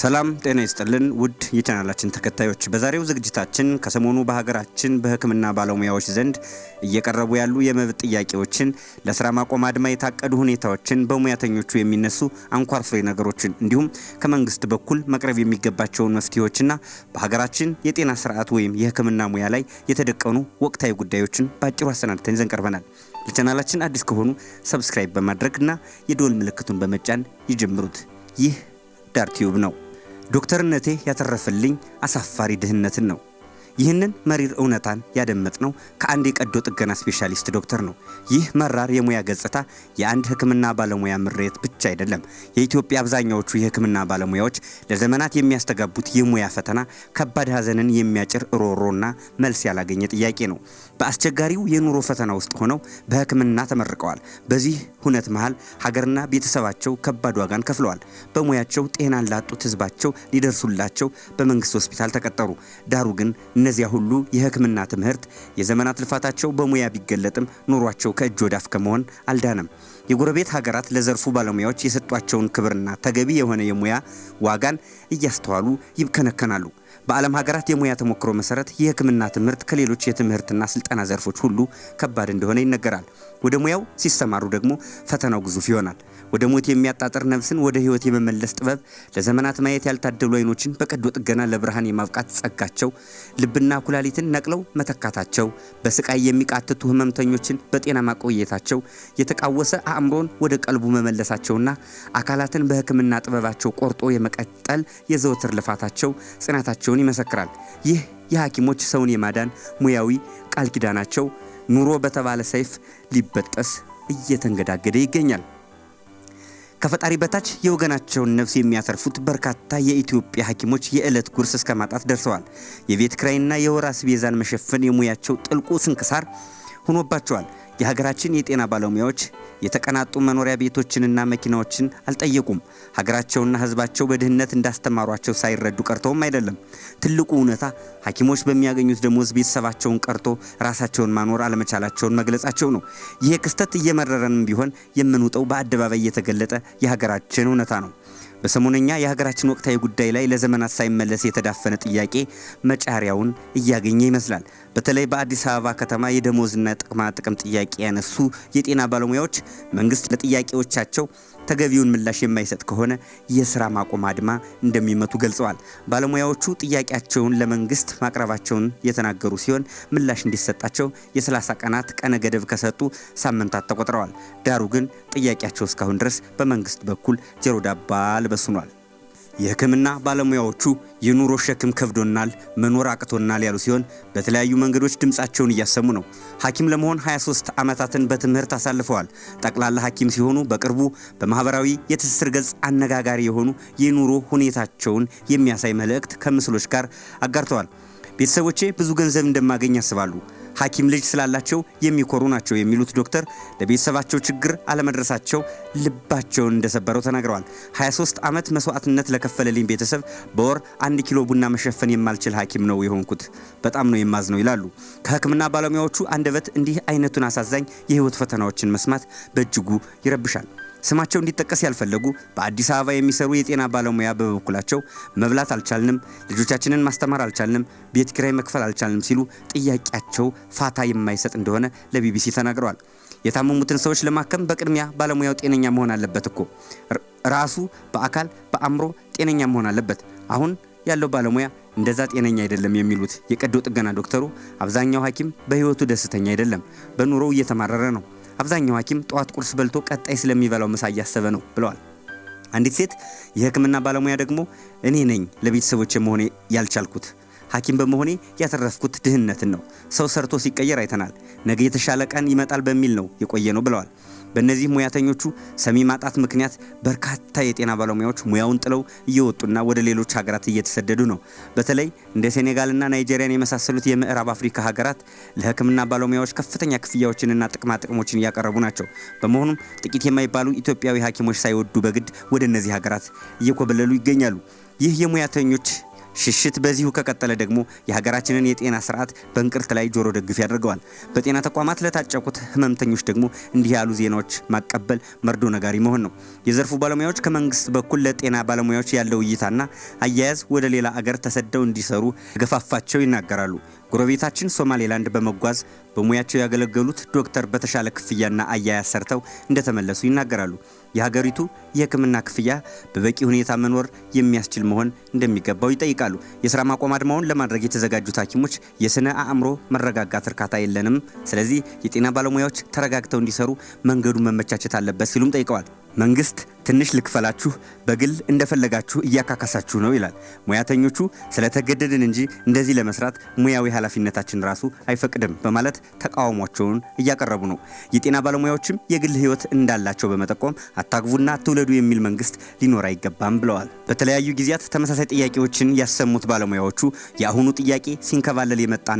ሰላም ጤና ይስጥልን ውድ የቻናላችን ተከታዮች፣ በዛሬው ዝግጅታችን ከሰሞኑ በሀገራችን በሕክምና ባለሙያዎች ዘንድ እየቀረቡ ያሉ የመብት ጥያቄዎችን፣ ለስራ ማቆም አድማ የታቀዱ ሁኔታዎችን፣ በሙያተኞቹ የሚነሱ አንኳር ፍሬ ነገሮችን እንዲሁም ከመንግስት በኩል መቅረብ የሚገባቸውን መፍትሄዎችና በሀገራችን የጤና ስርዓት ወይም የሕክምና ሙያ ላይ የተደቀኑ ወቅታዊ ጉዳዮችን በአጭሩ አሰናድተን ይዘን ቀርበናል። ለቻናላችን አዲስ ከሆኑ ሰብስክራይብ በማድረግና የደወል ምልክቱን በመጫን ይጀምሩት። ይህ ዳርቲዩብ ነው። ዶክተርነቴ ያተረፈልኝ አሳፋሪ ድህነትን ነው። ይህንን መሪር እውነታን ያደመጥነው ከአንድ የቀዶ ጥገና ስፔሻሊስት ዶክተር ነው። ይህ መራር የሙያ ገጽታ የአንድ ሕክምና ባለሙያ ምሬት ብቻ ብቻ አይደለም። የኢትዮጵያ አብዛኛዎቹ የሕክምና ባለሙያዎች ለዘመናት የሚያስተጋቡት የሙያ ፈተና ከባድ ሐዘንን የሚያጭር ሮሮና መልስ ያላገኘ ጥያቄ ነው። በአስቸጋሪው የኑሮ ፈተና ውስጥ ሆነው በሕክምና ተመርቀዋል። በዚህ ሁነት መሃል ሀገርና ቤተሰባቸው ከባድ ዋጋን ከፍለዋል። በሙያቸው ጤናን ላጡት ህዝባቸው ሊደርሱላቸው በመንግስት ሆስፒታል ተቀጠሩ። ዳሩ ግን እነዚያ ሁሉ የህክምና ትምህርት የዘመናት ልፋታቸው በሙያ ቢገለጥም ኑሯቸው ከእጅ ወዳፍ ከመሆን አልዳነም። የጎረቤት ሀገራት ለዘርፉ ባለሙያዎች የሰጧቸውን ክብርና ተገቢ የሆነ የሙያ ዋጋን እያስተዋሉ ይብከነከናሉ። በዓለም ሀገራት የሙያ ተሞክሮ መሰረት የሕክምና ትምህርት ከሌሎች የትምህርትና ስልጠና ዘርፎች ሁሉ ከባድ እንደሆነ ይነገራል። ወደ ሙያው ሲሰማሩ ደግሞ ፈተናው ግዙፍ ይሆናል። ወደ ሞት የሚያጣጥር ነፍስን ወደ ህይወት የመመለስ ጥበብ፣ ለዘመናት ማየት ያልታደሉ አይኖችን በቀዶ ጥገና ለብርሃን የማብቃት ጸጋቸው፣ ልብና ኩላሊትን ነቅለው መተካታቸው፣ በስቃይ የሚቃትቱ ህመምተኞችን በጤና ማቆየታቸው፣ የተቃወሰ አእምሮን ወደ ቀልቡ መመለሳቸውና አካላትን በህክምና ጥበባቸው ቆርጦ የመቀጠል የዘወትር ልፋታቸው ጽናታቸው መሆናቸውን ይመሰክራል። ይህ የሐኪሞች ሰውን የማዳን ሙያዊ ቃል ኪዳናቸው ኑሮ በተባለ ሰይፍ ሊበጠስ እየተንገዳገደ ይገኛል። ከፈጣሪ በታች የወገናቸውን ነፍስ የሚያተርፉት በርካታ የኢትዮጵያ ሐኪሞች የዕለት ጉርስ እስከ ማጣት ደርሰዋል። የቤት ክራይና የወር አስቤዛን መሸፈን የሙያቸው ጥልቁ ስንክሳር ሆኖባቸዋል። የሀገራችን የጤና ባለሙያዎች የተቀናጡ መኖሪያ ቤቶችንና መኪናዎችን አልጠየቁም። ሀገራቸውና ሕዝባቸው በድህነት እንዳስተማሯቸው ሳይረዱ ቀርተውም አይደለም። ትልቁ እውነታ ሐኪሞች በሚያገኙት ደሞዝ ቤተሰባቸውን ቀርቶ ራሳቸውን ማኖር አለመቻላቸውን መግለጻቸው ነው። ይህ ክስተት እየመረረንም ቢሆን የምንውጠው በአደባባይ የተገለጠ የሀገራችን እውነታ ነው። በሰሞነኛ የሀገራችን ወቅታዊ ጉዳይ ላይ ለዘመናት ሳይመለስ የተዳፈነ ጥያቄ መጫሪያውን እያገኘ ይመስላል። በተለይ በአዲስ አበባ ከተማ የደሞዝና ጥቅማ ጥቅም ጥያቄ ያነሱ የጤና ባለሙያዎች መንግስት ለጥያቄዎቻቸው ተገቢውን ምላሽ የማይሰጥ ከሆነ የስራ ማቆም አድማ እንደሚመቱ ገልጸዋል። ባለሙያዎቹ ጥያቄያቸውን ለመንግስት ማቅረባቸውን የተናገሩ ሲሆን ምላሽ እንዲሰጣቸው የ30 ቀናት ቀነ ገደብ ከሰጡ ሳምንታት ተቆጥረዋል። ዳሩ ግን ጥያቄያቸው እስካሁን ድረስ በመንግስት በኩል ጀሮ ዳባ ሆኗል። የህክምና ባለሙያዎቹ የኑሮ ሸክም ከብዶናል፣ መኖር አቅቶናል ያሉ ሲሆን በተለያዩ መንገዶች ድምፃቸውን እያሰሙ ነው። ሐኪም ለመሆን 23 ዓመታትን በትምህርት አሳልፈዋል። ጠቅላላ ሐኪም ሲሆኑ በቅርቡ በማህበራዊ የትስስር ገጽ አነጋጋሪ የሆኑ የኑሮ ሁኔታቸውን የሚያሳይ መልእክት ከምስሎች ጋር አጋርተዋል። ቤተሰቦቼ ብዙ ገንዘብ እንደማገኝ ያስባሉ ሐኪም ልጅ ስላላቸው የሚኮሩ ናቸው የሚሉት ዶክተር ለቤተሰባቸው ችግር አለመድረሳቸው ልባቸውን እንደሰበረው ተናግረዋል። 23 ዓመት መስዋዕትነት ለከፈለልኝ ቤተሰብ በወር አንድ ኪሎ ቡና መሸፈን የማልችል ሐኪም ነው የሆንኩት። በጣም ነው የማዝነው ይላሉ። ከሕክምና ባለሙያዎቹ አንደበት እንዲህ አይነቱን አሳዛኝ የህይወት ፈተናዎችን መስማት በእጅጉ ይረብሻል። ስማቸው እንዲጠቀስ ያልፈለጉ በአዲስ አበባ የሚሰሩ የጤና ባለሙያ በበኩላቸው መብላት አልቻልንም፣ ልጆቻችንን ማስተማር አልቻልንም፣ ቤት ኪራይ መክፈል አልቻልንም ሲሉ ጥያቄያቸው ፋታ የማይሰጥ እንደሆነ ለቢቢሲ ተናግረዋል። የታመሙትን ሰዎች ለማከም በቅድሚያ ባለሙያው ጤነኛ መሆን አለበት እኮ ራሱ በአካል በአእምሮ ጤነኛ መሆን አለበት። አሁን ያለው ባለሙያ እንደዛ ጤነኛ አይደለም የሚሉት የቀዶ ጥገና ዶክተሩ አብዛኛው ሐኪም በህይወቱ ደስተኛ አይደለም፣ በኑሮው እየተማረረ ነው። አብዛኛው ሐኪም ጠዋት ቁርስ በልቶ ቀጣይ ስለሚበላው ምሳ እያሰበ ነው ብለዋል። አንዲት ሴት የህክምና ባለሙያ ደግሞ እኔ ነኝ ለቤተሰቦቼ መሆኔ ያልቻልኩት ሐኪም በመሆኔ ያተረፍኩት ድህነትን ነው። ሰው ሰርቶ ሲቀየር አይተናል። ነገ የተሻለ ቀን ይመጣል በሚል ነው የቆየ ነው ብለዋል። በእነዚህ ሙያተኞቹ ሰሚ ማጣት ምክንያት በርካታ የጤና ባለሙያዎች ሙያውን ጥለው እየወጡና ወደ ሌሎች ሀገራት እየተሰደዱ ነው። በተለይ እንደ ሴኔጋልና ናይጄሪያን የመሳሰሉት የምዕራብ አፍሪካ ሀገራት ለሕክምና ባለሙያዎች ከፍተኛ ክፍያዎችንና ጥቅማ ጥቅሞችን እያቀረቡ ናቸው። በመሆኑም ጥቂት የማይባሉ ኢትዮጵያዊ ሐኪሞች ሳይወዱ በግድ ወደ እነዚህ ሀገራት እየኮበለሉ ይገኛሉ። ይህ የሙያተኞች ሽሽት በዚሁ ከቀጠለ ደግሞ የሀገራችንን የጤና ስርዓት በእንቅርት ላይ ጆሮ ደግፍ ያደርገዋል። በጤና ተቋማት ለታጨቁት ህመምተኞች ደግሞ እንዲህ ያሉ ዜናዎች ማቀበል መርዶ ነጋሪ መሆን ነው። የዘርፉ ባለሙያዎች ከመንግስት በኩል ለጤና ባለሙያዎች ያለው እይታና አያያዝ ወደ ሌላ አገር ተሰደው እንዲሰሩ ገፋፋቸው ይናገራሉ። ጎረቤታችን ሶማሌላንድ በመጓዝ በሙያቸው ያገለገሉት ዶክተር በተሻለ ክፍያና አያያዝ ሰርተው እንደተመለሱ ይናገራሉ። የሀገሪቱ የሕክምና ክፍያ በበቂ ሁኔታ መኖር የሚያስችል መሆን እንደሚገባው ይጠይቃሉ። የስራ ማቆም አድማውን ለማድረግ የተዘጋጁት ሐኪሞች የስነ አእምሮ መረጋጋት እርካታ የለንም፣ ስለዚህ የጤና ባለሙያዎች ተረጋግተው እንዲሰሩ መንገዱ መመቻቸት አለበት ሲሉም ጠይቀዋል። መንግስት ትንሽ ልክፈላችሁ፣ በግል እንደፈለጋችሁ እያካካሳችሁ ነው ይላል። ሙያተኞቹ ስለተገደድን እንጂ እንደዚህ ለመስራት ሙያዊ ኃላፊነታችን ራሱ አይፈቅድም በማለት ተቃውሟቸውን እያቀረቡ ነው። የጤና ባለሙያዎችም የግል ሕይወት እንዳላቸው በመጠቆም አታግቡና አትውለዱ የሚል መንግስት ሊኖር አይገባም ብለዋል። በተለያዩ ጊዜያት ተመሳሳይ ጥያቄዎችን ያሰሙት ባለሙያዎቹ የአሁኑ ጥያቄ ሲንከባለል የመጣና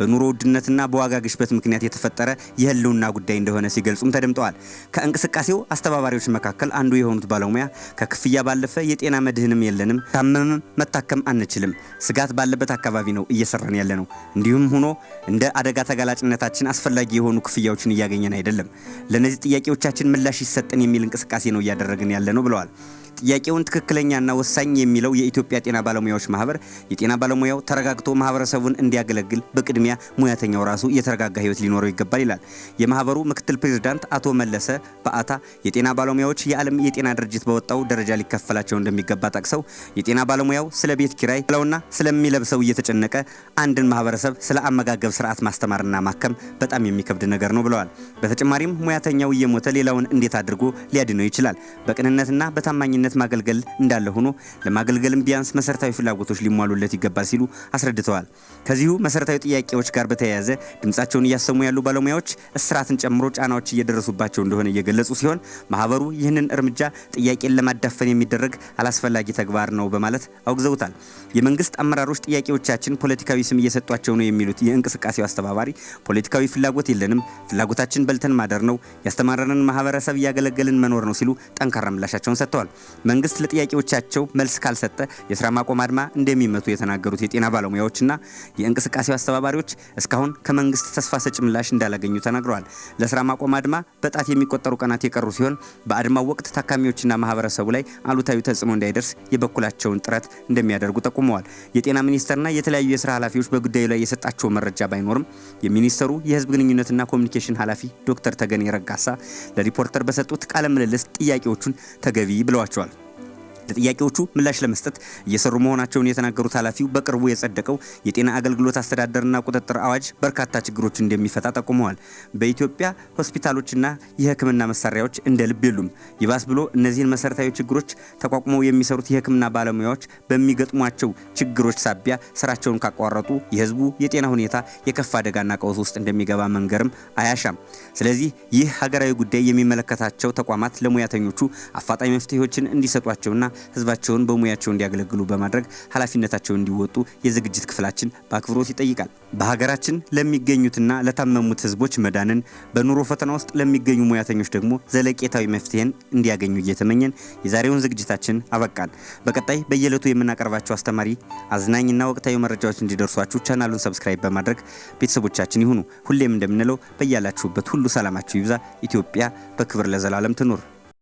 በኑሮ ውድነትና በዋጋ ግሽበት ምክንያት የተፈጠረ የህልውና ጉዳይ እንደሆነ ሲገልጹም ተደምጠዋል። ከእንቅስቃሴው አስተባባሪዎች መካከል አንዱ የሆኑት ባለሙያ ከክፍያ ባለፈ የጤና መድህንም የለንም፣ ታመምም መታከም አንችልም፣ ስጋት ባለበት አካባቢ ነው እየሰራን ያለ ነው። እንዲሁም ሆኖ እንደ አደጋ ተጋላጭነታችን አስፈላጊ የሆኑ ክፍያዎችን እያገኘን አይደለም። ለእነዚህ ጥያቄዎቻችን ምላሽ ይሰጠን የሚል እንቅስቃሴ ነው እያደረግን ያለ ነው ብለዋል። ጥያቄውን ትክክለኛና ወሳኝ የሚለው የኢትዮጵያ ጤና ባለሙያዎች ማህበር የጤና ባለሙያው ተረጋግቶ ማህበረሰቡን እንዲያገለግል በቅድሚያ ሙያተኛው ራሱ የተረጋጋ ህይወት ሊኖረው ይገባል ይላል የማህበሩ ምክትል ፕሬዚዳንት አቶ መለሰ በአታ። የጤና ባለሙያዎች የዓለም የጤና ድርጅት በወጣው ደረጃ ሊከፈላቸው እንደሚገባ ጠቅሰው የጤና ባለሙያው ስለ ቤት ኪራይ ለውና ስለሚለብሰው እየተጨነቀ አንድን ማህበረሰብ ስለ አመጋገብ ስርዓት ማስተማርና ማከም በጣም የሚከብድ ነገር ነው ብለዋል። በተጨማሪም ሙያተኛው እየሞተ ሌላውን እንዴት አድርጎ ሊያድነው ይችላል? በቅንነትና በታማኝነት በታማኝነት ማገልገል እንዳለ ሆኖ ለማገልገልም ቢያንስ መሰረታዊ ፍላጎቶች ሊሟሉለት ይገባል ሲሉ አስረድተዋል። ከዚሁ መሰረታዊ ጥያቄዎች ጋር በተያያዘ ድምጻቸውን እያሰሙ ያሉ ባለሙያዎች እስራትን ጨምሮ ጫናዎች እየደረሱባቸው እንደሆነ እየገለጹ ሲሆን ማህበሩ ይህንን እርምጃ ጥያቄን ለማዳፈን የሚደረግ አላስፈላጊ ተግባር ነው በማለት አውግዘውታል። የመንግስት አመራሮች ጥያቄዎቻችን ፖለቲካዊ ስም እየሰጧቸው ነው የሚሉት የእንቅስቃሴው አስተባባሪ ፖለቲካዊ ፍላጎት የለንም፣ ፍላጎታችን በልተን ማደር ነው፣ ያስተማረንን ማህበረሰብ እያገለገልን መኖር ነው ሲሉ ጠንካራ ምላሻቸውን ሰጥተዋል። መንግስት ለጥያቄዎቻቸው መልስ ካልሰጠ የስራ ማቆም አድማ እንደሚመቱ የተናገሩት የጤና ባለሙያዎችና የእንቅስቃሴው አስተባባሪዎች እስካሁን ከመንግስት ተስፋ ሰጭ ምላሽ እንዳላገኙ ተናግረዋል። ለስራ ማቆም አድማ በጣት የሚቆጠሩ ቀናት የቀሩ ሲሆን በአድማው ወቅት ታካሚዎችና ማህበረሰቡ ላይ አሉታዊ ተጽዕኖ እንዳይደርስ የበኩላቸውን ጥረት እንደሚያደርጉ ጠቁመዋል። የጤና ሚኒስቴርና የተለያዩ የስራ ኃላፊዎች በጉዳዩ ላይ የሰጣቸው መረጃ ባይኖርም የሚኒስተሩ የህዝብ ግንኙነትና ኮሚኒኬሽን ኃላፊ ዶክተር ተገኔ ረጋሳ ለሪፖርተር በሰጡት ቃለ ምልልስ ጥያቄዎቹን ተገቢ ብለዋቸዋል። ለጥያቄዎቹ ምላሽ ለመስጠት እየሰሩ መሆናቸውን የተናገሩት ኃላፊው በቅርቡ የጸደቀው የጤና አገልግሎት አስተዳደርና ቁጥጥር አዋጅ በርካታ ችግሮች እንደሚፈታ ጠቁመዋል። በኢትዮጵያ ሆስፒታሎችና የሕክምና መሳሪያዎች እንደ ልብ የሉም። ይባስ ብሎ እነዚህን መሰረታዊ ችግሮች ተቋቁመው የሚሰሩት የሕክምና ባለሙያዎች በሚገጥሟቸው ችግሮች ሳቢያ ስራቸውን ካቋረጡ የህዝቡ የጤና ሁኔታ የከፋ አደጋና ቀውስ ውስጥ እንደሚገባ መንገርም አያሻም። ስለዚህ ይህ ሀገራዊ ጉዳይ የሚመለከታቸው ተቋማት ለሙያተኞቹ አፋጣኝ መፍትሄዎችን እንዲሰጧቸውና ህዝባቸውን በሙያቸው እንዲያገለግሉ በማድረግ ኃላፊነታቸውን እንዲወጡ የዝግጅት ክፍላችን በአክብሮት ይጠይቃል። በሀገራችን ለሚገኙትና ለታመሙት ህዝቦች መዳንን፣ በኑሮ ፈተና ውስጥ ለሚገኙ ሙያተኞች ደግሞ ዘለቄታዊ መፍትሄን እንዲያገኙ እየተመኘን የዛሬውን ዝግጅታችን አበቃን። በቀጣይ በየዕለቱ የምናቀርባቸው አስተማሪ፣ አዝናኝና ወቅታዊ መረጃዎች እንዲደርሷችሁ ቻናሉን ሰብስክራይብ በማድረግ ቤተሰቦቻችን ይሁኑ። ሁሌም እንደምንለው በያላችሁበት ሁሉ ሰላማችሁ ይብዛ። ኢትዮጵያ በክብር ለዘላለም ትኑር።